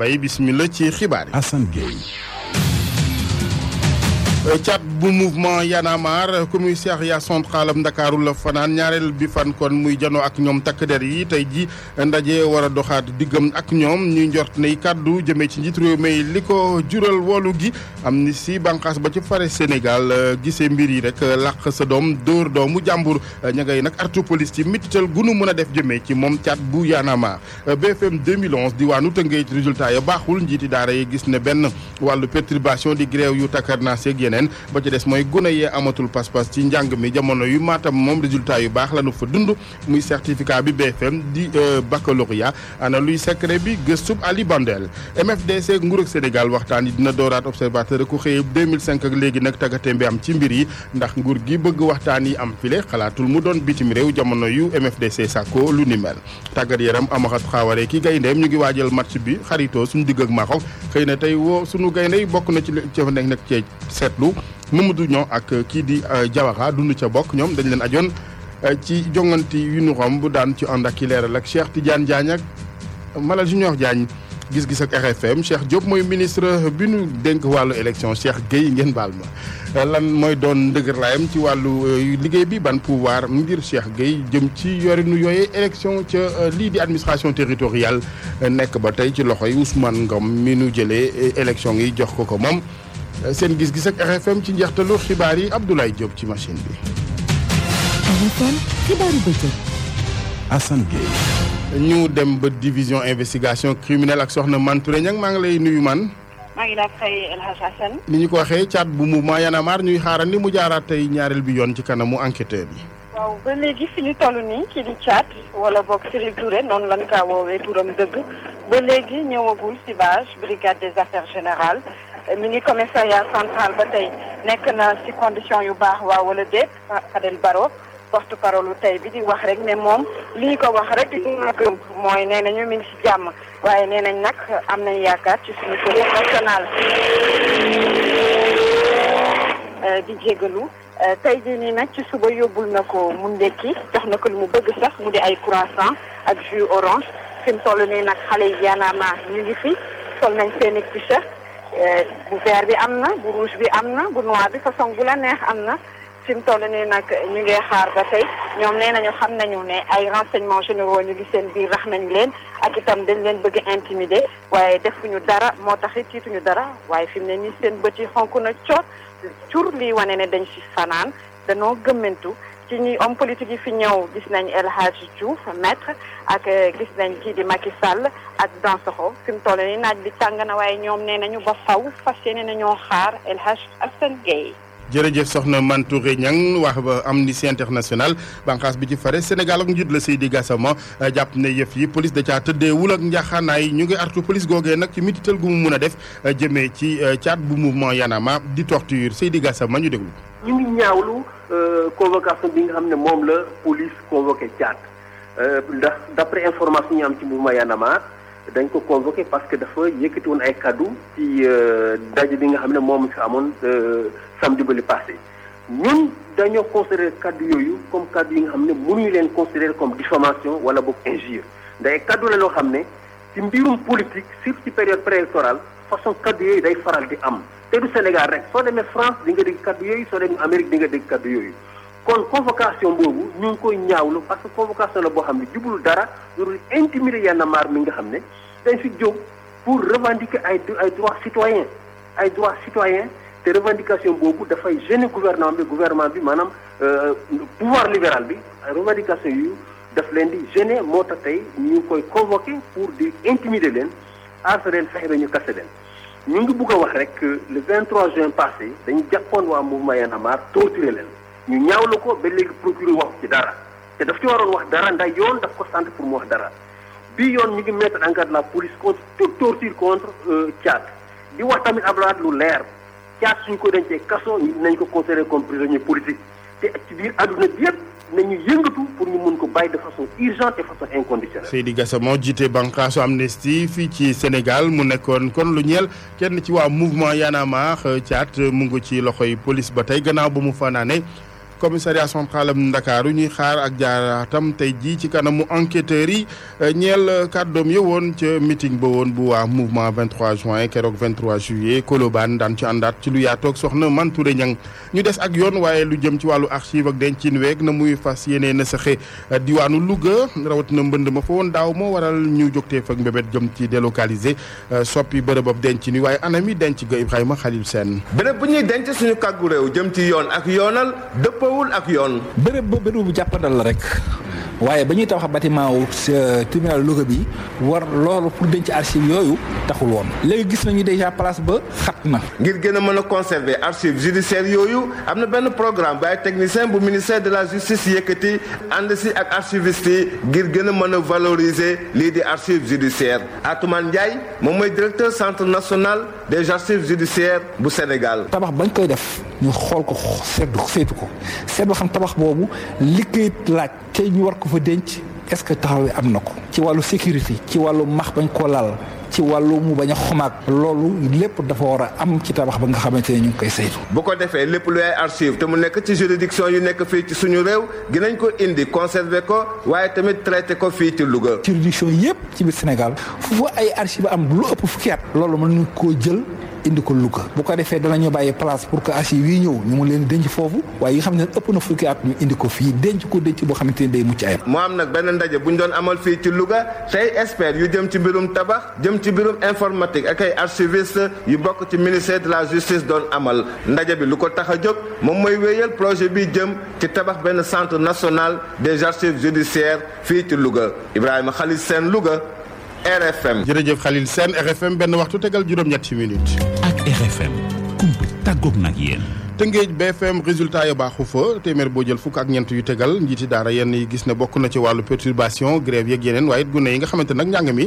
bay bismillah ci xibaar yi Assane Gueye Euh, cat bu mouvement Y'en a marre commissariat central am Ndakaaru la fanaan ñaareel bi fan kon muy janoo ak ñoom takk der yi tey ji ndaje war a doxaat diggam ak ñoom ñu njort ne kàddu jëmee ci njiit réew mi li ko jural wolu gi am ni si bànqaas ba ci fare Sénégal euh, gisee mbir yi rek euh, làq sa doom dóor doomu jàmbur ña ngay nag artu police ci mitital gunu mën a def jëme ci moom cat bu Y'en a marre BFM 2011 diwaanu Tëngéej résultat ya baaxul njiiti daara yi gis ne benn wàllu perturbation di gréew leneen ba ci des mooy gune yee amatul pas-pas ci njàng mi jamono yu maatam moom résultat yu baax lanu fa dund muy certificat bi BFM di euh, baccalauréat ana luy secret bi gëstub Ali Bandel MFDC nguur ak Sénégal waxtaan yi dina dooraat observateur ku xëye 2005 ak léegi nag tàggate bi am ci mbir yi ndax nguur gi bëgg waxtaan yi am file xalaatul mu doon bitim réew jamono yu MFDC sàkko lu ni mel tàggat yaram amaxat xaaware ki gayndeem ñu ngi waajal match bi xaritoo suñu digg ak Maroc xëy na tey woo suñu gaynde bokk na ci li ca nekk ci seetlu Abdou Mamadou Niang ak kii di euh, Diawara dund ca bokk ñoom dañ leen ajoon euh, ci jongante yu nu daan ci ànd ak ki leeral ak Cheikh Tidiane Diagne ak Malal Junior Diagne gis-gis ak RFM Cheikh Diop mooy ministre bi nu dénk wàllu élection Cheikh Gueye ngeen baal ma euh, lan mooy doon ndëgërlaayam ci wàllu liggéey bi ban pouvoir ngir Cheikh Gueye jëm ci yorinu yooyee élection ca lii di administration territoriale nekk ba tey ci loxoy Ousmane Ngom mi nu jëlee élection yi jox ko ko moom. seen gis-gis ak RFM ci njeextalu xibaar yi Abdoulaye Diop ci machine bi. RFM dem ba division investigation criminelle soxna Mantouré Niang maa ngi lay nuyu man. maa ñu ko waxee caat bu mouvement Y'en a marre ñuy mu jaaraat tey ñaareel bi yoon ci kanamu enquêteur yi. waaw ba léegi fi ñu toll nii ci di caat wala boog Siré Touré noonu lan kaa woowee turam dëgg ba léegi ñëwagul ci bâche brigade des affaires générales. mi ngi commissariat central ba tey nekk na ci condition yu baax waaw wala déet ah, Fadel Barro porte parole tey bi di wax rek ne moom li ko wax rek mooy nee nañu mi ngi ci jàmm waaye nee nañ nag am nañ yaakaar ci suñu police nationale eh, di jégalu eh, tey jii nii nag ci suba yóbbul na ko mu ndekki jox na ko lu mu bëgg sax mu di ay croissant ak jus orange fi mu nii nag xale yi yaanaama ñu ngi fi sol nañ seen i t-shirt Eh, bu vert bi am na bu rouge bi am na bu noir bi façon bu la neex am na fi mu toll nii nag ñu ngi xaar ba tey ñoom nee nañu xam nañu ne ay renseignements généraux ñu ngi seen biir rax nañu leen ak itam dañ leen bëgg a intimider waaye defuñu dara moo tax it tiituñu dara waaye fi mu ne nii seen bët yi xonk na coot cur lii wane ne dañ si fanaan danoo gëmmentu ci ñi homme politique yi fi ñëw gis nañ El Hadj Diouf maître ak gis nañ kii di Macky Sall ak Dansokho fi mu toll ni naaj bi tàng na waaye ñoom nee nañu ba faw fas yéene nañoo xaar El Hadj Assane Gueye jërëjëf soxna Mantouré Niang wax ba Amnesty International banqaas bi ci fare Sénégal ak njiit la Seydi Gassama jàpp na yëf yi police da caa tëddee wul ak njaaxaanaay ñu ngi artu police googee nag ci mitital gu mu mun a def jëmee ci euh, caat bu mouvement Yanama di torture Seydi Gassama ñu déglu. ñu ngi ñaawlu euh, convocation bi nga xam ne moom la police convoqué caat euh, ndax d'après information ñu am ci mouvement Yanama. dañ ko convoqué parce que dafa yëkkati woon ay kaddu ci euh, daje bi nga xam ne moom fi amoon euh, samedi ba li passé ñun dañoo considéré kaddu yooyu comme kaddu yi nga xam ne mënuñu leen considéré comme diffamation wala boog injure ndax kaddu la loo xam ne ci mbirum politique surtout ci période préélectorale façon kaddu yooyu day faral di am te du Sénégal rek soo demee France di nga dégg kaddu yooyu soo demee Amérique di nga dégg kaddu yooyu kon convocation boobu ñu ngi koy ñaawlu parce que convocation la boo xam ne jublu dara loolu intimider Y'en a marre mi nga xam ne dañ fi jóg pour revendiquer ay ay droits citoyens ay droits citoyens te revendication boobu dafay gêner gouvernement bi gouvernement bi maanaam euh, pouvoir libéral bi revendication yu daf leen di gêner moo tax tey ñu koy convoqué pour di intimider leen aasa leen fexe ba ñu kase leen ñu ngi bugg a wax rek que le 23 juin passé dañu jàppoon waa mouvement Y'en a marre torturer leen ñu ñaw la ko ba léegi procureur wax ci dara te daf ci waroon wax dara ndax yoon daf ko sant pour mu wax dara bii yoon ñu ngi mettre en garde la police contre toute torture contre euh, Thiat di wax tamit Abdoulaye lu leer Thiat suñ ko dencee kaso ñu nañ ko considéré comme prisonnier politique te ci biir adduna bi yëpp nañu yëngatu pour ñu mun ko bàyyi de façon urgente et façon inconditionnelle. Seydi Gassama jiite bànqaasu Amnesty fii ci Sénégal mu nekkoon kon lu ñe kenn ci waa mouvement Y'en a marre mu ngi ci loxoy police ba tey gannaaw ba mu fanaane commissariat central am Ndakaaru ñuy xaar ak jaaraatam tey jii ci kanamu enquêteurs yi euh, ñeel euh, kàddoom ya woon ca meeting ba woon bu waa mouvement 23 juin keroog 23 juillet Colobane daan ci àndaat ci lu yaatoog soxna Mantouré Niang ñu des ak yoon waaye lu jëm ci wàllu archive ak dencin weeg na muy fas yeneen na saxe euh, diwaanu Louga rawat na mbënd ma fa woon daaw moo waral ñu jógtee fak mbébét jëm ci délocaliser soppi bërëb ab denc ni waaye anam yi denc ga Ibrahima Khalil Sène bërëb bu ci yoon ak yoonal dëppoowul ak yoon. bërëb ba bërëbu jàppandal la rek waaye ba ñuy tabax bâtiment wu euh, tribunal Louga bi war loolu pour denc archive yooyu taxul woon léegi gis nañu déjà place ba xat na. ngir gën a mën a conserver archive judiciaire yooyu am na benn programme bu technicien bu ministère de la justice yëkkati ànd si ak archiviste yi ngir gën a mën a valoriser lii di archive judiciaire Atoumane Ndiaye moom mooy directeur centre national des archives judiciaires bu Sénégal. tabax bañ koy def ñu ko seet ba xam tabax boobu li koy laaj tey ñu war ko fa denc est-ce que bi am na ko ci wàllu sécurité ci wàllu max bañ koo lal ci wàllu mu bañ a xumaag loolu lépp dafa war a am ci tabax ba nga xamante ne ñu ngi koy saytu. boo ko defee lépp lu ay archive te mu nekk ci juridiction yu nekk fii ci suñu réew dinañ ko indi conserver ko waaye tamit traité ko fii ci Louga. juridiction yëpp ci biir Sénégal foofu ay archive am lu ëpp fukki at loolu mën nañu koo jël. indi ko Louga bu ko defee danañu bàyyi place pour que archives yi ñëw ñu mun leen denc foofu waaye yi xam ne ëpp na fukki at ñu indi ko fii denc ko denc boo xamante ne day mucc ayam moo am nag benn ndaje bu ñu doon amal fii ci Louga tey expert yu jëm ci biirum tabax jëm ci mbirum informatique ak ay archiviste yu bokk ci ministère de la justice doon amal ndaje bi lu ko tax a jóg moom mooy wéyal projet bi jëm ci tabax benn centre national des archives judiciaires fii ci Louga Ibrahima Khalil Sène Louga RFM. jërëjëf Khalil seen RFM benn waxtu tegal juróom-ñetti minutes. ak RFM kumpa tàggoog nag yéen. Tëngéej BFM résultat ya baaxu fa téeméer boo jël fukk ak ñent yu tegal njiiti daara yenn gis ne bokk na ci wàllu perturbation grève yeeg yeneen waaye it gune yi nga xamante ak njàng mi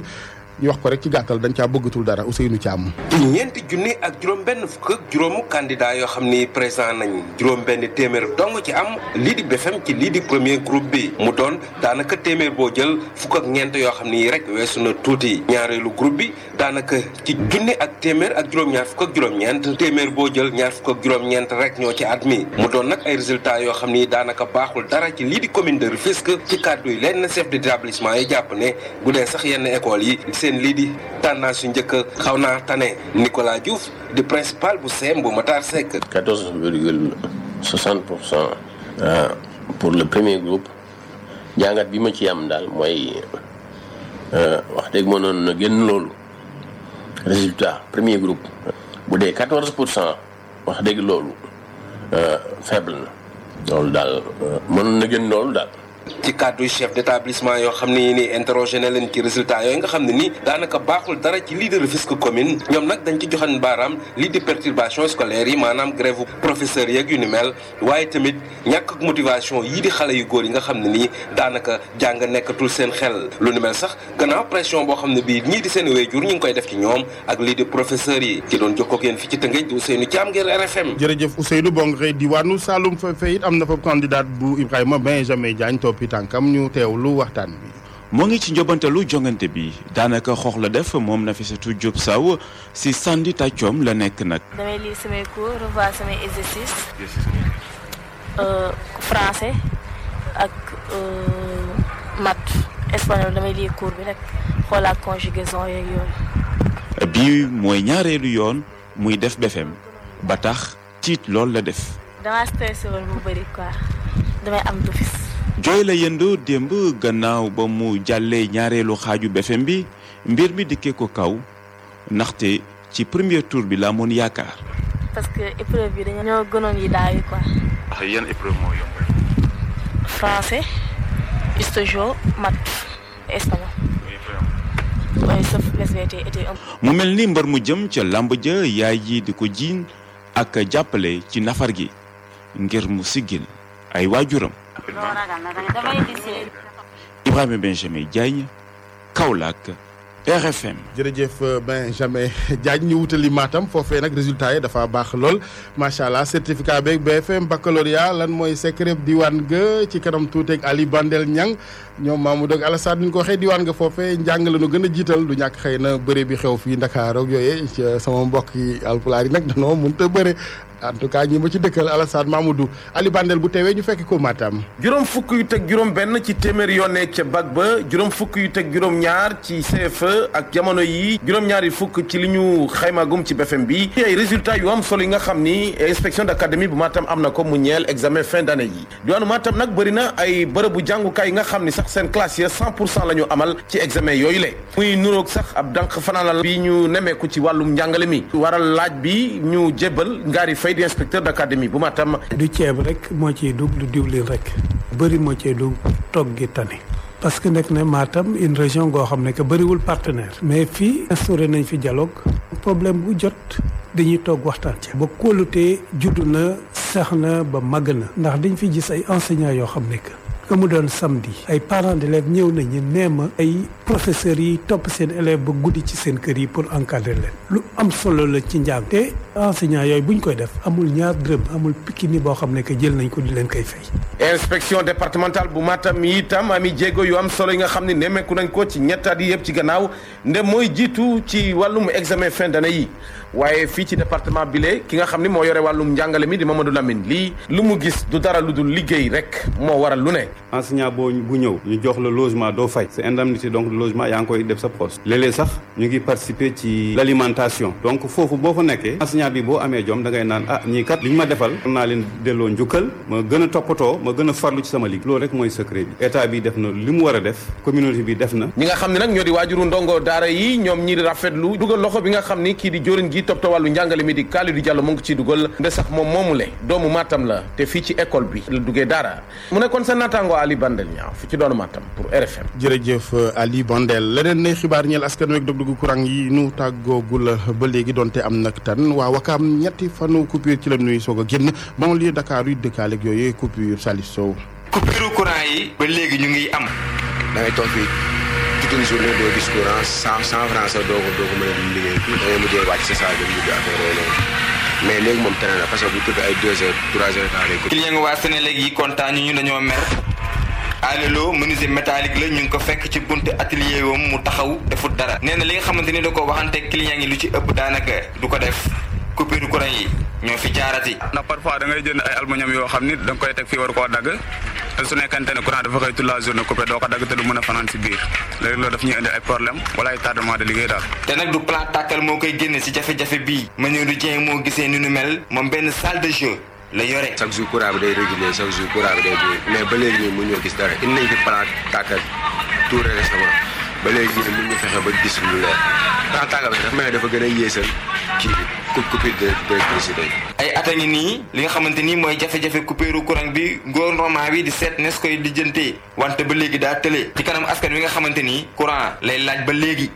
ñu wax ko rek ci gàttal dañ caa bëggatul dara am Thiam. ñeenti junni ak juróom-benn fukk ak juróomu candidat yoo xam ni présent nañ juróom-benn téeméer dong ci am lii di BFM ci lii di premier groupe bi mu doon daanaka téeméer boo jël fukk ak ñeent yoo xam ni rek weesu na tuuti ñaareelu groupe bi daanaka ci junni ak téeméer ak juróom-ñaar fukk ak juróom-ñeent téeméer boo jël ñaar fukk ak juróom-ñeent rek ñoo ci admis mu doon nag ay résultats yoo xam ni daanaka baaxul dara ci lii di commune de Rufisque ci kàddu yi lenn chef d'établissement yi jàpp ne dee sax yenn école yi lii di tendance yu njëkk xaw naa tane Nicolas Diouf di principal bu CEM bu Matar Seck. 14 virgule 60 euh, pour le premier groupe jàngat bi ma ci am daal mooy euh, wax dëgg mënoon na génn loolu résultat premier group bu dee 14 pour cent wax dëgg loolu euh, faible na. loolu daal mënoon na génn loolu daal. ci kàddu chef d' établissement yoo xam ne nii interrogé na leen ci résultat yooyu nga xam ne nii daanaka baaxul dara ci lii de commune ñoom nag dañ ci joxan baaraam lii perturbation scolaire yi maanaam grève professeurs yeeg yu ni mel waaye tamit ñàkk motivation yii di xale yu góor yi nga xam ne nii daanaka jàng nekkatul seen xel lu ni mel sax gannaaw pression boo xam ne bii ñii di seen wéyjur ñu ngi koy def ci ñoom ak lii di professeurs yi ci doon jokkoo ak yéen fi ci Tëngéej di Ousseynou Thiam ngir RFM jërëjëf Ousseynou bon nga xëy diwaanu noppi tànkam ñu teewlu waxtaan bi. moo ngi ci njobantelu jongante bi daanaka xoox la def moom Nafissatou Diop Sow si sandi tàccoom la nekk nag. damay lii samay cours revoir samay exercices. Euh, français ak euh, maths espagnol damay lii cours bi rek xoolaat conjugaison yooyu. bii mooy ñaareelu yoon muy def BFEM ba tax tiit loolu la def. jooy la yëndoo démb gannaaw ba mu jàllee ñaareelu xaaju BFM bi mbir mi dikkee ko kaw ndaxte ci premier tour bi la moon yaakaar. parce que épreuve bi ah, mu mel ni mbër mu jëm ca làmb ja yaay yi di ko jiiñ ak jàppale ci nafar gi ngir mu siggil ay waajuram. Ibrahima Benjamin Diagne Kaolack RFM. jërëjëf euh, Benjamin Diagne ñu wutali maatam foofee nag résultat yi dafa baax lool macha allah certificat beeg BFM baccalauréat lan mooy secret diwaan ga ci kanam tuuteeg Ali Bandel Niang ñoom Mamadou ak Alassane ni ñu ko waxee diwaan nga foofee njàng la ñu gën a jiital du ñàkk xëy na bëre bi xew fii Ndakaar ak yooyee euh, sama mbokk yi alpulaar yi nag danoo mënut a bëre en tout cas ñi ma ci dëkkal Alassane Mamadou Ali Bandel bu teewee ñu fekk ko Matam. juróom fukk yu teg juróom benn ci téeméer yoo nekk ca bac ba juróom fukk yu teg juróom ñaar ci CFE ak jamono yi juróom ñaari fukk ci li ñu xaymagum ci BFM bi ay résultat yu am solo yi nga xam ni inspection d'académie bu Matam am na ko mu ñeel examen fin d'année yi diwaanu Matam nag bëri na ay bu jàngukaay yi nga xam ni sax seen classe ya cent pour cent la ñu amal ci examen yooyu la muy nuroog sax ab dànq fanaanal bi ñu nemeeku ci wàllum njàngale mi waral laaj bi ñu Faye di inspecteur d'académie bu Matam. du ceeb rek moo ciy dugg du diwlin rek bëri moo ciy dugg togg gi tane. parce que nekk na Matam une région goo xam ne que bëriwul partenaire. mais fii instauré nañ fi jaloog problème bu jot dañuy toog waxtaan ci. ba kóolutee juddu na sax na ba màgg na. ndax dañ fi gis ay enseignants yoo xam ne que. mu doon samedi ay parents d'élèves ñëw nañu nee ma ay professeurs yi topp seen élèves ba guddi ci seen kër yi pour encadrer leen lu am solo la ci njàng te enseignants yooyu bu ñu koy def amul ñaar dërëm amul pikini boo xam ne que jël nañ ko di leen koy fay. inspection départementale bu Matam itam ami jéego yu am solo yi nga xam ne nemmeeku nañ ko ci ñettaat yi yëpp ci gannaaw ndem mooy jiitu ci wàllum examen fin d'année yi. waaye fii ci département bile ki nga xam ni moo yore wàllum njàngale mi di Mamadou Lamine lii lu mu gis du dara lu dul liggéey rek moo waral lu ne enseignant boo bu ñëw ñu jox la logement doo fay sa indemnité donc de logement yaa ngi koy def sa poste léeg-léeg sax ñu ngi participer ci l'alimentation foofu boo fa nekkee enseignant bi boo amee jom da ngay naan ah ñii kat li ñu ma defal war naa leen delloo njukkal ma gën a toppatoo ma gën a farlu ci sama liggéey loolu rek mooy secret bi état bi def na li mu war a def communauté bi def na ñi nga xam ne nag ñoo di waajuru ci toppatoo wàllu njàngale mi di Kalidou Diallo mu ngi ciy dugal nde sax moom moomule doomu Matam la te fii ci école bi la duggee daara mu nekkoon sa naataango Ali Bandel ñaaw fi ci doonu Matam pour RFM. jërëjëf Ali Bandel leneen nay xibaar ñeel askan weeg dog-dogu courant yi nu tàggoogul ba léegi donte am nag tan waa Wakaam ñetti fanu coupure ci la nuy soog a génn banlieue Dakar yu dëkkaaleeg yooyu coupure Salif Sow. coupure courant yi ba léegi ñu ngi am. da ngay toute une journée doo gis courant cent cent francs doo ko doo ko liggéey da mujjee wàcc sa saal dem jublu affaire mais léegi moom tere na parce que bu tëdd ay deux heures trois heures temps lay. client nga waa yi kontaan ñu ñu dañoo mer Alelo menuisier métallique la ñu ngi ko fekk ci bunt atelier wam mu taxaw defut dara nee na li nga xamante ni da ko waxante client yi lu ci ëpp daanaka du ko def. coupure courant yi ñoo fi jaarati. ndax parfois da jënd ay aluminium yoo xam ni da koy teg fii war koo dagg te su nekkante ne courant dafa koy toute la journée coupé doo ko dagg te du mën a fanaan si biir léegi loolu daf ñuy indi ay problème wala ay tardement de liggéey daal. te nag du plan tàkkal moo koy génne si jafe-jafe bii. ma ñëw du Dieng moo gisee ni nu mel moom benn salle de jeu. la yore chaque jour courant bi day régulier chaque jour temps tàngal bi dafa gën a yéesal kii bi coupure d'électricité ay at ngi nii li nga xamante ni mooy jafe-jafe coupure courant bi gouvernement bi di seet nees koy lijjantee wante ba léegi daa tëlee ci kanam askan wi nga xamante ni courant lay laaj ba léegi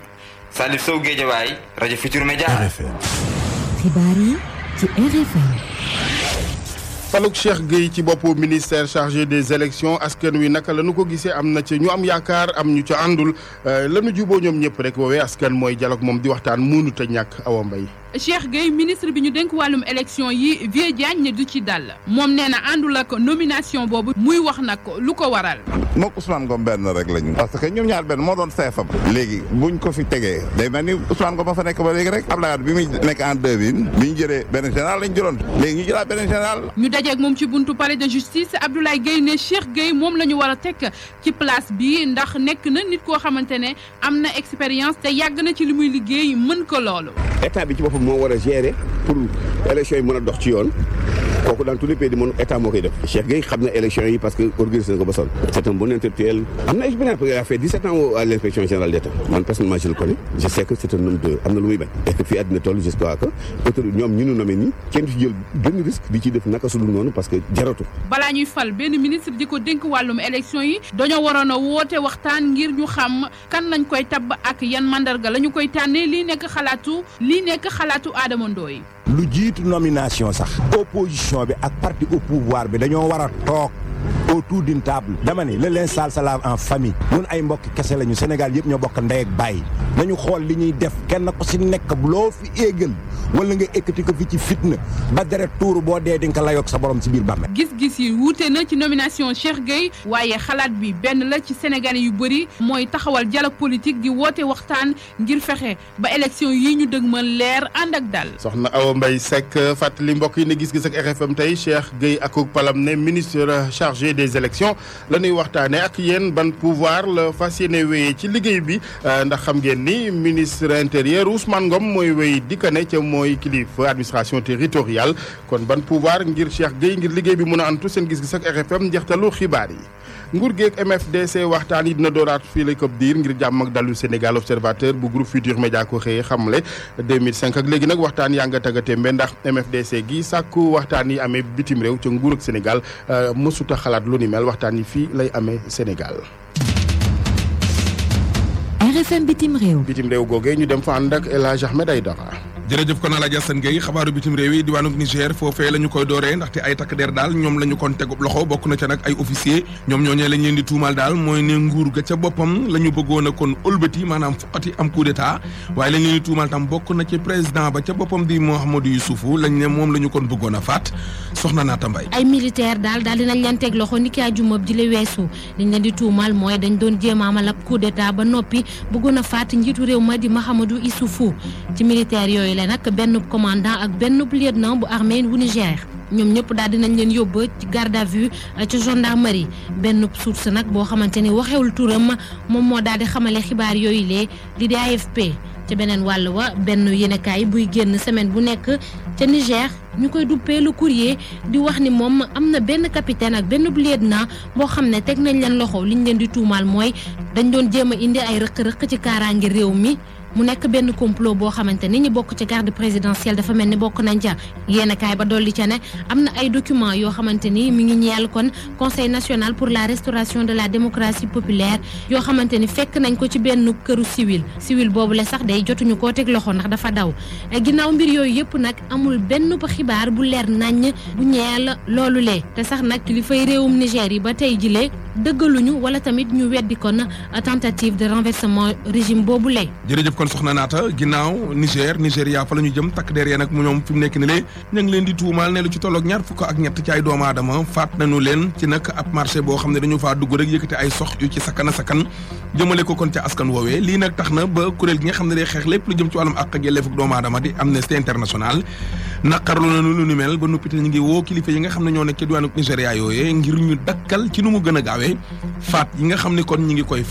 Salif Sow Guédiawaye rajo Futurs Médias. xibaar ci RFM. faluk Cheikh Gueye ci boppu ministère chargé des élections askan wi naka la nu ko gisee am na ci ñu am yaakaar am ñu ca àndul euh, lanu juboo ñoom ñëpp rek woowee askan mooy dialogue moom di waxtaan mënut a ñàkk Awa Mbaye Cheikh Gueye ministre bi ñu dénk wàllum élection yi Vieux Diagne ne ci dal moom nee na àndul ak nomination boobu muy wax na ko lu ko waral. moom Ousmane Ngom benn rek lañu. parce que ñoom ñaar benn moo doon seefam. léegi buñ ko fi tegee day mel ni Ousmane Ngom ba fa nekk ba léegi rek. Abdoulaye Wade bi muy nekk en 2000 bi ñu jëlee benn général lañ jëloon léegi ñu jëlaat benn général. ñu dajeeg moom ci buntu palais de justice Abdoulaye Gueye ne Cheikh Gueye moom la ñu war a teg ci place bi ndax nekk na nit koo xamante ne am na expérience te yàgg na ci li muy liggéey mën ko loolu. état bi ci boppam moo war a gérer pour élection yi mën a dox ci yoon kooku dans tous les pays du monde état moo koy def Cheikh Gueye xam na élection yi parce que organisé na ko ba sonn c'est un bon intellectuel am na expérience il a fait 17 ans à l'inspection man personnellement je le connais je sais que c'est de am na lu muy bañ et que àddina toll j'espère que autour ñoom nii kenn fi jël benn risque di ci def naka su noonu parce que jaratu balaa ñuy fal benn ministre di ko dénk wàllum élection yi dañoo waroon a woote waxtaan ngir ñu xam kan lañ koy tabb ak yan mandarga la ñu koy tànnee lii nekk xalaatu lii nekk xalaatu Adama Ndoye lu jiitu nomination sax opposition opposition bi ak parti au pouvoir bi dañoo war a toog autour d'une table dama ne le linge sale se lave en famille ñun ay mbokk kese lañu Sénégal yëpp ñoo bokk ndey ak bàyyi nañu xool li ñuy def kenn ku si nekk loo fi éegal wala nga ekkati ko fi ci fitna ba deret tuuru boo dee di nga ko layoog sa borom si biir bàmmeel gis-gis yi wuute na ci nomination Cheikh Gueye waaye xalaat bi benn la ci Sénégalais yu bëri mooy taxawal dialogue politique di woote waxtaan ngir fexe ba élection yi ñu ma leer ànd ak dal soxna Awa Mbaye Seck fàttali mbokk yi ne gis-gis ak RFM tey Cheikh Gueye ak palam ne ministre des élections la ñuy waxtaane ak yéen ban pouvoir la fas yéene wéyee ci liggéey bi euh, ndax xam ngeen ni ministre intérieur Ousmane Ngom mooy wéy ne ca mooy kilifa administration territoriale kon ban pouvoir ngir Cheikh Gueye ngir liggéey bi mun a antu seen gis-gis ak RFM njeextalu xibaar yi nguur geeg MFDC waxtaan yi dina dooraat fii la këb diir ngir jàmm ak dalu Sénégal observateur bu groupe Futur Média ko xëyee xamle 2005 ak léegi nag waxtaan yaa nga tàggatee mbe ndax MFDC gi sàkku waxtaan yi amee bitim réew ca nguur ak Sénégal euh, mësuta xalaat lu ni mel waxtaan yi fii lay amee Sénégal. RFM bitim réew. ñu dem fa ànd ak El Hadj jërëjëf kon Alaaji Assane Gueye xabaaru bitim réew yi diwaanub Niger foofee la ñu koy dooree ndaxte ay takk der daal ñoom la kon tegub loxo bokk na ca nag ay officier ñoom ñooñee lañ leen di daal ga ca boppam la ñu bëggoon a kon ëlbati maanaam fuqati am coup d'état waaye lañ leen di tuumal tam bokk na ci président ba ca boppam di Mouhamadou Youssoufou lañ ne moom la ñu kon bëggoon a faat soxna Naata Mbaye ay militaire daal daal dinañ leen teg loxo ni ki àjjuma ji la weesu liñ leen di tuumal mooy dañ doon jéem a amal ab coup ba noppi bëggoon a faat njiitu réew ma di Mouhamadou Youssoufou ci militaire yooyu boole nag benn commandant ak benn lieutenant bu armée wu Niger ñoom ñëpp daal dinañ leen yóbbu ci garde à vue euh, ci gendarmerie benn source nag boo xamante ni waxewul turam moom moo daal di xamale xibaar yooyu lee li di AFP ca beneen wàll wa benn yéenekaay buy génn semaine bu nekk ca Niger ñu koy duppee le courrier di wax ni moom am na benn capitaine ak benn lieutenant boo xam ne teg nañ leen loxo liñ leen di tuumaal mooy dañ doon jéem a indi ay rëq-rëq ci kaaraange réew mi mu nekk benn complot boo xamante ni ñi bokk ci garde présidentielle dafa mel ni bokk nañ ca yéen kaay ba dolli ca ne am na ay documents yoo xamante ni mi ngi ñeel kon conseil national pour la restauration de la démocratie populeer yoo xamante ni fekk nañ ko ci benn këru civil civil boobu la sax dey jotuñu koo teg loxo ndax dafa daw eh, ginnaaw mbir yooyu yëpp nag amul benn ba xibaar bu leer naññ bu ñeel loolu le te sax nag kilifay réewum Niger yi ba tey jilee dëggaluñu wala tamit ñu weddi kon tentative de renversement régime boobu le kon soxna naata ginnaaw Niger Nigéria fa la ñu jëm takk der yee nag mu ñoom fi nekk ni lee ñu leen di tuumaal ne lu ci tolloog ñaar fukk ak ñett ci ay doomu faat nañu leen ci nag ab marché boo xam ne dañu faa dugg rek yëkkati ay sox yu ci sakkan a sakkan jëmale ko kon ca askan woowee lii nag tax na ba kuréel gi nga xam ne day xeex lépp lu jëm ci wàllum àq ak yelleefuk doomu di Amnesty International naqarlu nañu lu nu mel ba noppi a ñi ngi koy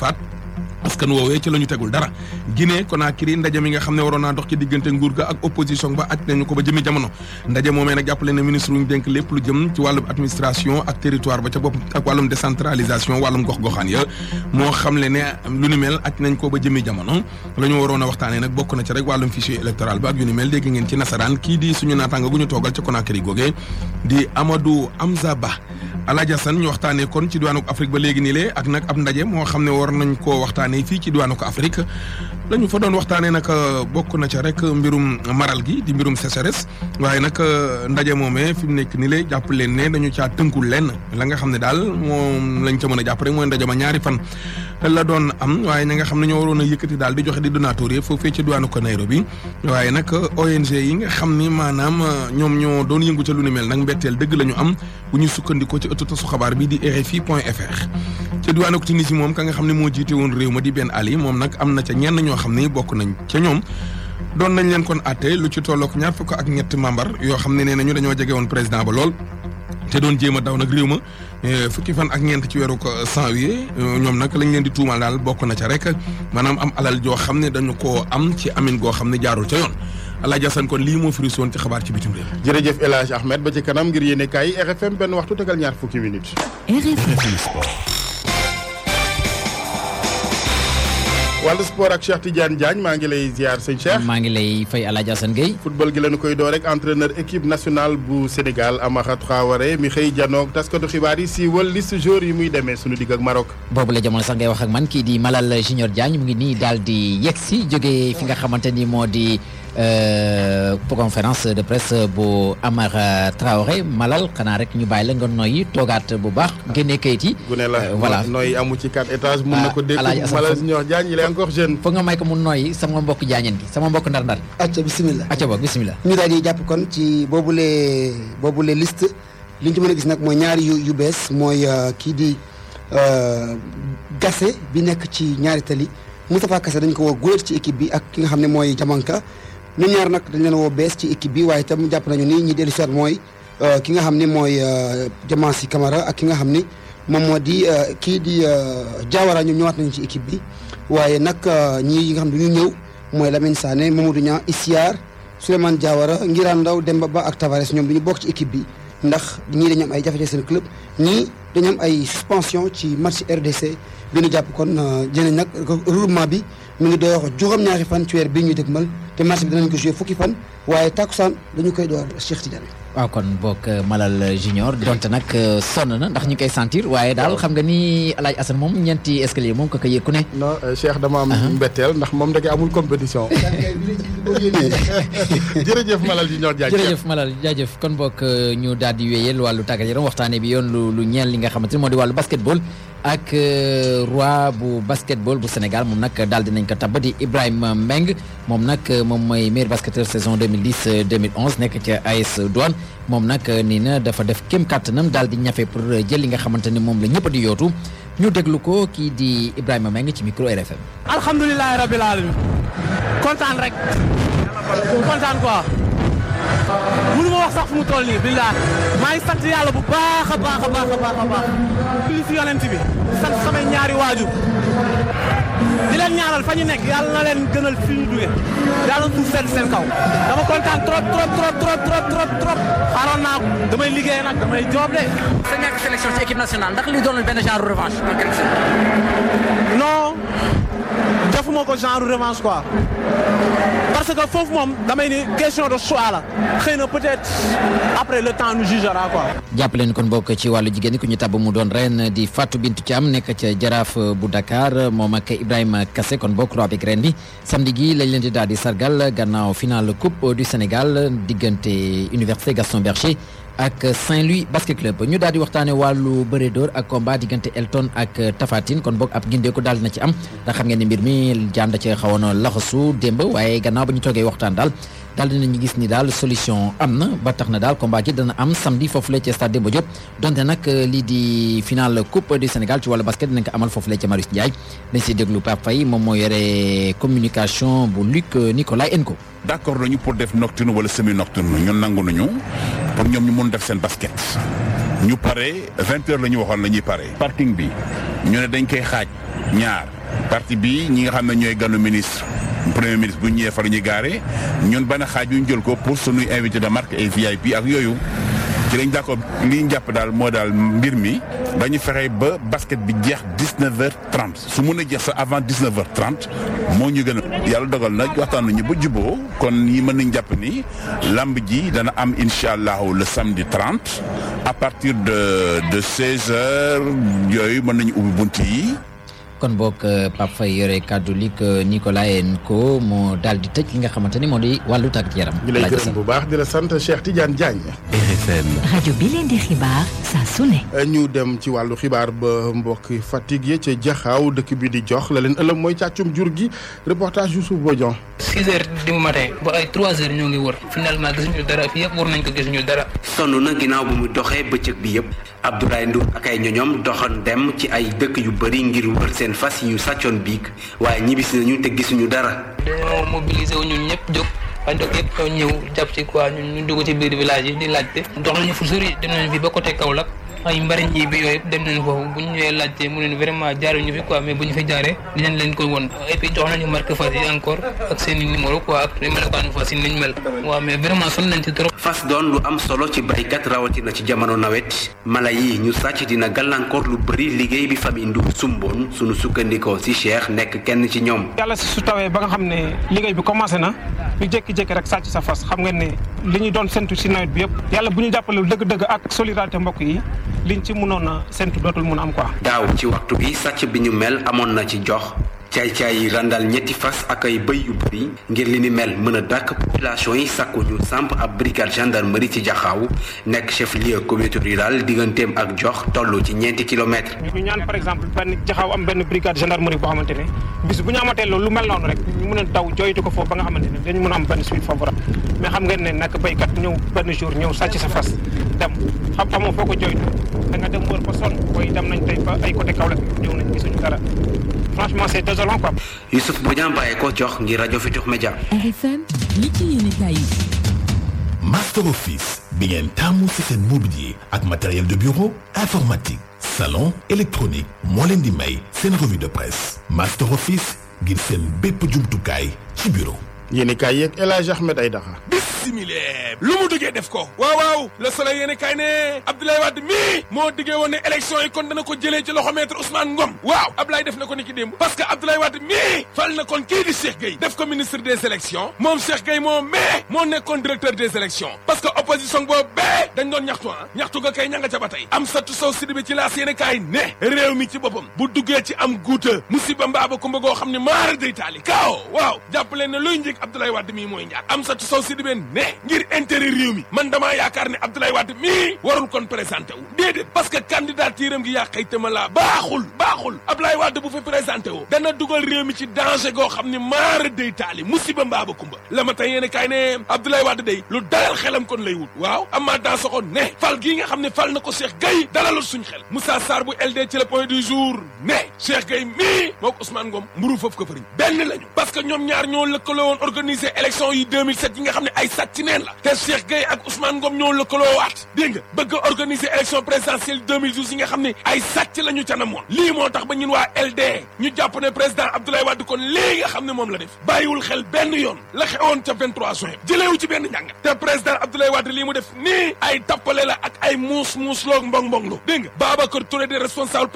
askan woowee ci la ñu tegul dara Guinée Conakry ndaje mi nga xam ne waroon naa dox ci diggante nguur ga ak opposition ba aj nañu ko ba jëmi jamono ndaje moomee nag jàppale ne ministre ñu lépp lu jëm ci wàllum administration ak territoire ba ca bopp ak wàllum décentralisation wàllum gox-goxaan ya moo xam le ne lu ni mel ak nañ ko ba jëmi jamono la ñu waroon a waxtaanee nag bokk na ci rek wàllum fichier électoral ba ak yu ni mel dégg ngeen ci nasaraan kii di suñu naataanga gu ñu toogal ca Conakry googee di Amadou Amza Ba Alaaji Asan ñu waxtaanee kon ci diwaanu Afrique ba léegi nii lee ak nag ab ndaje moo xam ne war nañ koo waxtaanee fii ci diwaanu Afrique la ñu fa doon waxtaanee nag bokk na ca rek mbirum maral gi di mbirum sécheresse waaye nag ndaje moomee fi mu nekk nii le jàpp leen ne dañu caa tënkul lenn la nga xam ne daal moom lañ ca mën a jàpp rek mooy ndaje ma ñaari fan. la doon am waaye ñi nga xam ne ñoo waroon a yëkkati daal di joxe di donateurs yi foofee ci diwaanu ko Nairobi waaye nag ONG yi nga xam ni maanaam uh, ñoom ñoo doon yëngu ca lu ni mel nag mbetteel dëgg la ñu am bu ñu sukkandikoo ci ëttu tasu xabaar bi di RFI point fr ca diwaanu ko Tunisie moom ka nga xam ne moo jiite woon réew ma di Ben Ali moom nag am na ca ñenn ñoo xam ni bokk nañ ca ñoom doon nañ leen kon àtte lu ci tollook ñaar fukk ak ñetti membar yoo xam ne nee nañu dañoo jege président ba lool te doon jéem a daw nag réew ma eh, fukki fan ak ñeent ci weeru eh, janvier eh, ñoom nag lañ leen di tuumal daal bokk na ca rek maanaam am alal joo xam ne dañu ko am ci amin goo xam ne jaarul ca yoon Alaaji Asan kon lii moo firi woon ci xabaat ci bitim réew. jërëjëf El Hadj Ahmed ba ci kanam ngir yéene kaay RFM benn waxtu tegal ñaar fukki minutes. RFM wàllu sport ak Cheikh Tidiane Diagne maa ngi lay ziar sëñ Cheikh. maa ngi lay fay El Hadj Assane Gueye. football gi lañu koy door rek entraîneur équipe nationale bu Sénégal Amara Traoré mi xëy janoog taskatu xibaar yi siiwal liste joueurs yi muy demee sunu digg ak Maroc. boobu la jamono sax ngay wax ak man kii di Malal Junior jaañ mu ngi nii daal di yegg si jógee fi nga xamante ni moo di. Euh, conférence de presse bu Amara Traoré Malal xanaa rek ñu bàyyi la nga noyyi toogaat bu baax génne kayit yi. gune la euh, voilà noyyi amu ci quatre étages. mun na ko ah, dégg Malal ñor Diagne il est encore ko mu noyyi sama mbokk jaañen gi sama mbokk ndar-ndar. acca bisimilah acca boog bisimilah. ñu daal di jàpp kon ci boobule boobule liste li ñu ci a gis nag mooy ñaari yu yu bees mooy euh, kii di Gassé bi nekk ci ñaari tali Moustapha Kassé dañ ko woo góor ci équipe bi ak ki nga xam ne mooy Jamanka. ñoom ñaar nag dañ leen woo bees ci équipe bi waaye itam jàpp nañu ni ñi dellu siwaat mooy euh, ki nga xam ni mooy euh, si Camara ak ki nga xam ni moom moo di euh, kii di Diawara ñoom ñëwaat nañu ci équipe bi waaye nag ñii yi nga xam ne du ñu ñëw mooy Lamine Sané Mamadou Niang Isiar Souleymane Diawara Ngiraan Ndaw dem Ba ba ak Tavares ñoom du ñu bokk ci équipe bi ndax ñii dañu am ay jafe-jafe seen club ñii dañu am ay suspension ci match RDC bi nu jàpp kon jëneñ nag regroupement bi mu ngi doy wax juróom-ñaari fan ci weer bii ñuy dëgmal te match bi dinañ ko joué fukki fan waaye takkusaan dañu koy door Cheikh Tidiane. waaw kon boog euh, Malal Junior donte nag euh, sonn na ndax ñu koy sentir waaye daal xam nga ni El Hadj Assane moom ñeenti escalier moom ko ko yëg ku ne. non euh, Cheikh dama am uh-huh. mbetteel ndax moom dëgg amul compétition. jërëjëf Malal Junior jaajëf jërëjëf Malal jaajëf kon boog ñu daal di wéyal wàllu tàggat yaram waxtaanee bi yoon lu lu ñeel li nga xamante ni moo di wàllu basketball. ak euh, roi bu basketball bu Sénégal moom nag daal nañ ko tabb di Ibrahima Mbengue moom nag euh, moom mooy meilleur basketteur saison 2010 2011 nekk ca AS Douane moom nag euh, nii na dafa def kem kàttanam daal di ñafe pour jël li nga xamante ne moom la ñëpp di yootu ñu déglu ko kii di Ibrahima Mbengue ci micro RFM. alhamdulilah rabil alamin kontaan rek mënu ma wax sax fu mu toll nii billaah maa ngi sant yàlla bu baax a baax a baax a baax a baax plus yonent bi sant samay ñaari waajur di leen ñaanal fa nekk yàlla na leen gënal fi ñu jóge yàlla seen seen kaw dama kontaan trop trop trop trop trop trop trop xaaroon naa ko damay liggéey nag damay joob de sa ñàkk sélection ci équipe nationale ndax li doonul benn genre defuma ko genre revanche quoi parce que foofu moom damay ni question le temps nous jàpp leen kon bokk ci wàllu jigéen ku ñu tabb mu doon ren di Fatou Bintou am nekk ca jaraaf bu Dakar moom ak Ibrahima Kassé kon bokk roi beeg ren bi samedi gi lañ leen di daal di sargal gannaaw finale coupe du Sénégal diggante Université Gaston Berger. ak Saint-Louis basket club ñu daal di waxtaanee wàllu bëre door ak combat diggante Elton ak Tafatine kon boog ab gindee ko na ci am ndax xam ngeen ne mbir mi Jules Diagne da cee xawoon laxasu démb waaye gannaaw ba ñu toogee waxtaan daal daal dinañu gis ni daal solution am na ba tax na daal combat ji dana am samedi foofule ca stade Demba Diop donte nag euh, lii di final coupe du Sénégal ci wàllu basket dinañ ko amal foofule ca Marius Ndiaye dañ siy déglu Pape moom moo yore communication bu Luc euh, Nicolas Enko. d'accord nañu pour def nocturne wala semi nocturne ñun nangu nañu pour ñoom ñu mun def seen basket. ñu pare vingt parti bi ñi nga xam ne ñooy ganu ministre premier ministre bu ñu fa far ñu gaare ñoon bana xaaj yu ñu jël ko pour sunuy invité de marque et VIP ak yooyu ci lañ d'accord li ñu jàpp daal moo daal mbir mi dañu fexe ba basket bi jeex 19h30 su mun a jeex sa avant 19h30 moo ñu gën a. yàlla dogal na waxtaan nañu ba juboo kon yi mën nañ jàpp ni làmb ji dana am incha allahu le samedi 30 à partir de de 16 yooyu mën nañu ubbi bunt yi. kon boog euh, Pape Faye yore kàddu lig Nicolas Enko moo daal di tëj li nga xamante ni moo di wàllu tàggat yaram. di lay gërëm bu baax di la sant Cheikh Tidiane Diagne. RFM rajo bi leen di xibaar saa su euh, ñu dem ci wàllu xibaar ba mbokk Fatick yi ca Jaxaaw dëkk bi di jox la leen ëllëg mooy càccum jur gi reportage Youssouf Bodian. 6 heures du matin ba ay 3 heures ñoo ngi wër finalement gisuñu dara fii yëpp wër nañ ko gisuñu dara. sonn na ginnaaw bu mu doxee bëccëg bi yëpp Abdoulaye Ndour ak ay ñoñom doxoon dem ci ay seen fas yu sàccoon biig waaye ñibbisi nañu te gisuñu dara. dañoo mobilisé wu ñun ñëpp jóg a jóg yëpp ñëw jàpp ci quoi ñun ñu dugg ci biir village yi di laajte. dox nañu fu sori dem nañu fi ba côté Kaolack. ay mbari nji bi yooyu yëpp dem nañu bu ñu ñëwee mu ne vraiment jaaree ñu fi quoi bu ñu fi jaaree dinañ leen ko won et puis ak seen i quoi ak melokaanu fas yi niñ mel waaw mais nañ ci trop. fas doon lu am solo ci baykat rawatina ci jamono nawet mala yi ñu sàcc dina gàllankoor lu bëri liggéey bi famille Ndour sumboon suñu sukkandikoo si Cheikh nekk kenn ci ñoom. yàlla su tawee ba nga xam ne liggéey bi commencé na ñu jékki-jékki rek sàcc sa fas xam nga ne li ñu doon sentu si nawet bi yëpp yàlla bu ñu jàppale dëgg-dëgg ak solidarité mbokk yi liñ ci mënoon a séntu dootul mun am quoi. daaw ci waxtu bi sàcc bi ñu mel amoon na ci jox. caay-caay yi randal ñetti fas ak ay bëy yu bëri ngir li ni mel mën a dàkk population yi sàkku ñu samp ab brigade gendarmerie ci jaxaaw nekk chef lieu communauté rurale digganteem ak jox tollu ci ñeenti kilomètres. ñu ñaan par exemple benn jaxaaw am benn brigade gendarmerie boo xamante ne bis bu ñu amatee loolu lu mel noonu rek ñu mën a taw jooytu ko foofu ba nga xamante ne dañu mën a am benn suite favorable xam ngeen ne nag béykat ñëw benn jour ñëw sàcc sa fas. dem xam-xamoo foo ko jooytu da nga dem wër ba sonn koy dem nañ tey ba ay côté Kaolack ñëw nañ gisuñu dara franchement c'est désolant quoi. Youssouf Bodian bàyyee ko jox ngir rajo Futurs Médias. RFM li ci yéen kaay Master Office bi ngeen taamu ci seen mobilier ak matériel de bureau informatique salon électronique moo leen di may seen revue de presse Master Office ngir seen bépp jumtukaay ci bureau. yéen kaay yeeg El Hadj Ahmed Aïdara bisimilah lu mu duggee def ko waaw waaw le soleil yéen kaay ne Abdoulaye Wade mii moo diggee woon ne yi kon dana ko jëlee ci loxo maître Ousmane Ngom waaw Abdoulaye def na ko ni démb parce que Abdoulaye Wade fal na kon kii di Cheikh Gueye def ko ministre des élections moom Cheikh Gueye moom mais moo nekkoon directeur des élections parce que opposition boobu bee dañ doon ñaxtu ah ñaxtu nga kay ña nga ca ba tey am sattu sow sidibe ci laas yéen kaay ne réew mi goo xam ne maara day taali kaaw jàpp leen ne luy njig Abdoulaye Wade mii mooy njaar Amsatou Sow Sidibé ne ngir intérêt réew mi man damaa yaakaar ne Abdoulaye Wade mii warul kon présenté wu déedéet parce que candidature am gi yàqayte ma laa baaxul baaxul Abdoulaye Wade bu fi présenté woo dana dugal réew mi ci danger goo xam ne maara day taali musiba mbaaba kumba la ma tey yéen kaay ne Abdoulaye Wade day lu dalal xelam kon lay wut waaw amaa daa soxoon ne fal gii nga xam ne fal na ko Cheikh Gueye dalalul suñ xel Moussa Sarr bu LD ci le point du organiser élection yi yi nga xam ne ay sàcc neen la te Cheikh Gueye ak Ousmane Ngom ñoo lëkkaloo waat dégg bëgg organiser élection présidentielle yi nga xam ne ay sàcc la ñu ca namoon lii moo tax ba ñun waa LD ñu jàpp ne président Abdoulaye Wade kon lii nga xam ne moom la def bàyyiwul xel benn yoon la xewoon ca 23 juin jëleewu ci benn njàngat te président Abdoulaye Wade lii mu def nii ay tappale la ak ay muus muus loog mbong mbong lu dégg nga Babacar Touré di responsable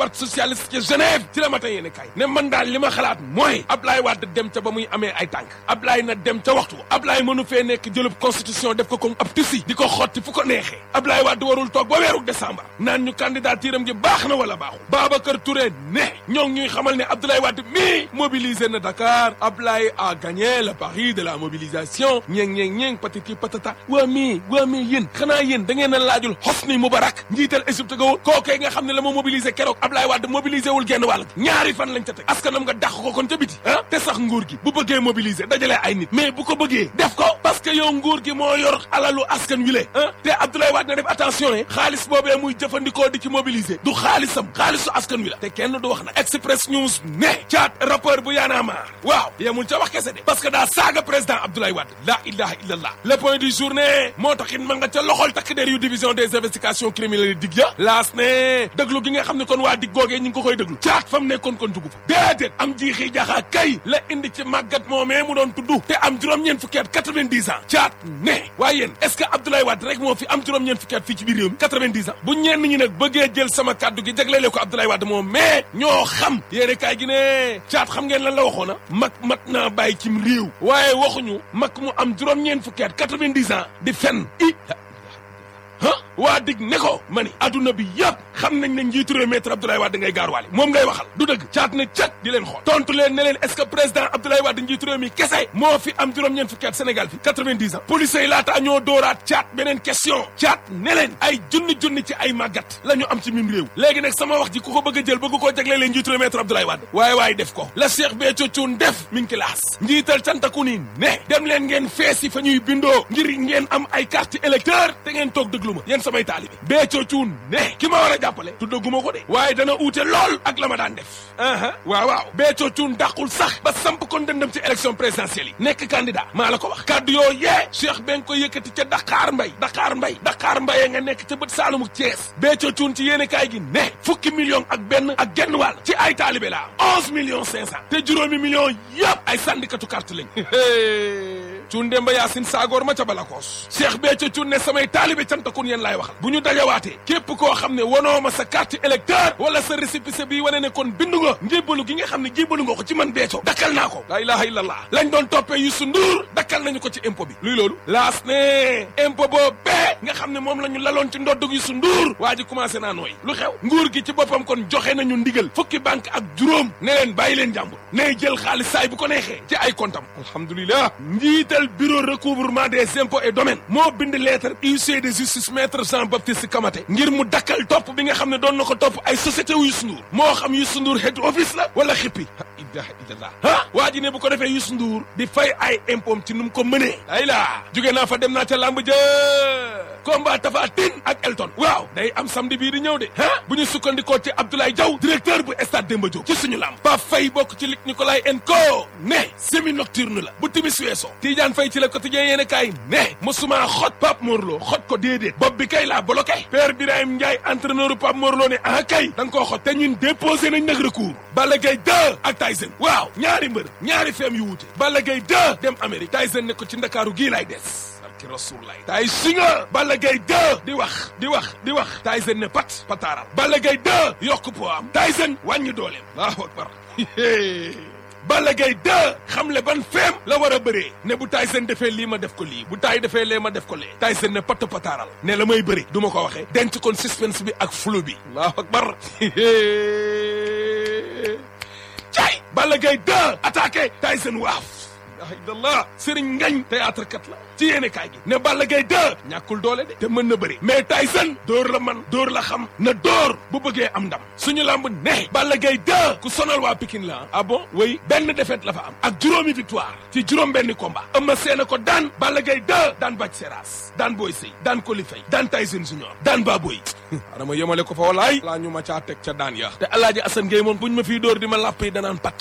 na dem ca waxtu Ablaye mënu fee nekk jëlub constitution def ko comme ab tisi di ko xotti fu ko neexee Ablaye Wade warul toog ba weeruk décembre naan ñu candidature am baax na wala baaxul Babacar Touré ne ñoo ñuy xamal ne Abdoulaye Wade mii mobilisé na Dakar Ablaye a gagné le pari de la mobilisation ñeeng ñeeng ñeeng patati patata waa mii waa mii yéen xanaa yéen da ngeen a laajul Hosni Moubarak njiital Égypte gawoon kookee nga xam ne la moo mobilisé keroog Ablaye genn wàll ñaari fan lañ ca teg nga dàq kon ca biti ah te sax nguur gi bu bëggee ay nit mais bu ko bëggee def ko parce que yow nguur gi moo yor alalu askan wi le ah te Abdoulaye Wade na def attention ne xaalis boobee muy jëfandikoo di ci mobiliser du xaalisam xaalisu askan wi la te kenn du wax nag Express News ne caat rapport bu yaanaamaar waaw yemul ca wax kese de parce que daa saaga président Abdoulaye Wade la ilaha illallah le point du journée moo taxit ma nga ca loxol takk der yu division des investigations criminelles dig ya gi nga xam ne kon waa dig googee ñu ngi ko koy la te am juróom-ñeent fukki at 90 ans caat ne waaye yéen est-ce que rek moo fi am juróom-ñeent fukki at fii ci biir réew mi 90 ans bu ñenn ñi nag bëggee jël sama kàddu gi jagleele ko Abdoulaye Wade moom mais ñoo xam yéene kaay gi ne caat xam ngeen lan la waxoon na ah? mag mat naa bàyyi cim réew waaye waxuñu mag mu am juróom-ñeent fukki at 90 ans di fen i ah waa dig ne ko adduna bi yëpp xam nañ ne njiitu réew maître Abdoulaye Wade ngay moom ngay waxal du dëgg caat na cat di leen xool tontu leen ne leen est ce que président Abdoulaye Wade njiitu réew mi kese moo fi am juróom-ñeent fukki at Sénégal fi 90 ans police yi laata ñoo dooraat caat beneen question caat ne ay junni junni ci ay màggat la ñu am ci mim réew léegi nag sama wax ji ko bëgg a jël bëgg koo jagle leen njiitu réew maître Abdoulaye Wade waaye waaye def ko la Cheikh Béthio Thioune def mi ngi ki leen ngeen am ay carte électeur toog dëgg déglu ma yéen samay taalibe Béthio Thioune ne ki ma war a jàppale tuddaguma ko de waaye dana uute lool ak la ma daan def aha waaw waaw Béthio sax ba samp kon dëndëm ci élection présidentielle yi nekk candidat maa la ko wax kàddu yoo yee Cheikh ben ko yëkkati ca Dakar mbay Dakar mbay Dakar mbayee nga nekk ca bët Saalum ak Thiès Béthio Thioune ci yéene kaay gi ne fukki million ak benn ak genn wàll ci ay taalibe laa onze millions cinq cent te juróomi millions cunde mba yaasin saagoor ma ca balakoos Cheikh Béthio Thioune samay taalibe cantakun yéen laay waxal bu ñu dajawaatee képp koo xam ne wanoo ma sa carte électeur wala sa récépissé bi wane ne kon bindu njébbalu gi nga xam ne jébbalu nga ko ci man Béthio dakkal naa ko laa ilaha illallah lañ doon toppee Youssou Ndour dakkal nañu ko ci impôt bi luy loolu laas ne impôt boo bee nga xam ne moom la ñu laloon ci ndoddug Youssou Ndour waa ji commencé naa nooy lu xew nguur gi ci boppam kon joxe nañu ndigal fukki banque ak juróom ne leen bàyyi leen jàmbur ne jël xaalis saay bu ko neexee ci ay comptam alhamdulilah njiital bureau recouvrement des impôts et domaines moo bind lettre huissier de justice maître Jean Baptiste Kamaté ngir mu dakkal topp bi nga xam ne doon na ko topp ay société wu Youssou moo xam Youssou Ndour head office la wala xippi ilaha illallah ah ne bu ko defee Youssou Ndour di fay ay impôts ci nu mu ko mënee ay laa jóge naa fa dem naa ca làmb jë combat Tapha Tine ak Elton waaw day am samedi bii di ñëw de ah bu ñu sukkandikoo ci Abdoulaye Diaw directeur bu stade Demba Diop ci suñu lamb Pape Faye bokk ci Luc Nicolaï en co ne semi nocturne la bu timis weesoo Tidiane Faye ci Le Quotidien yéen kaay ne mosuma xot Pape Morlo xot ko déedéet bopp bi kay laa bloqué Père Birahim Ndiaye entraîneur Pape Morlo ne ah kay da xot te ñun déposé nañ nag recours Balla Gaye 2 ak Tyson waaw ñaari mbër ñaari feem yu wuute Balla Gaye 2 dem Amérique Tyson ne ko ci Ndakaaru gii lay des barki rasulullaay tay si nga Balla Gaye 2 di wax di wax di wax Tyson ne pat pataaral bala gay 2 yokk po am Tyson wàññi dooleem Allahu akbar Balla Gaye 2 xam le ban feem la war a bëree ne bu Tyson defee lii ma def ko lii bu taay defee lee ma def ko lee Tyson ne patt pataaral ne la may bëri du ma ko waxee denc kon suspense bi ak flou bi Allahu akbar cay Balla Gaye 2 attaqué Tyson waaf ilaha illallah Serigne Ngagne théâtre kat la ci yéene kaay ne Balla Gaye 2 ñàkkul doole de te mën na bëri mais Tyson dóor la man dóor la xam na dóor bu bëggee am ndam suñu lamb ne Balla Gaye 2 ku sonal waa Pikine la ah bon way benn défaite la fa am ak juróomi victoire ci juróom benn combat Eumeu Sène ko daan Balla Gaye 2 daan Bac Seras daan Boy Sey daan Coly Faye daan Tyson Junior daan Baboy adama yemale ko fa walaay laa ñu ma caa teg ca daan ya te Alaaji Assane Gueye moom buñ ma ma làpp danaan pat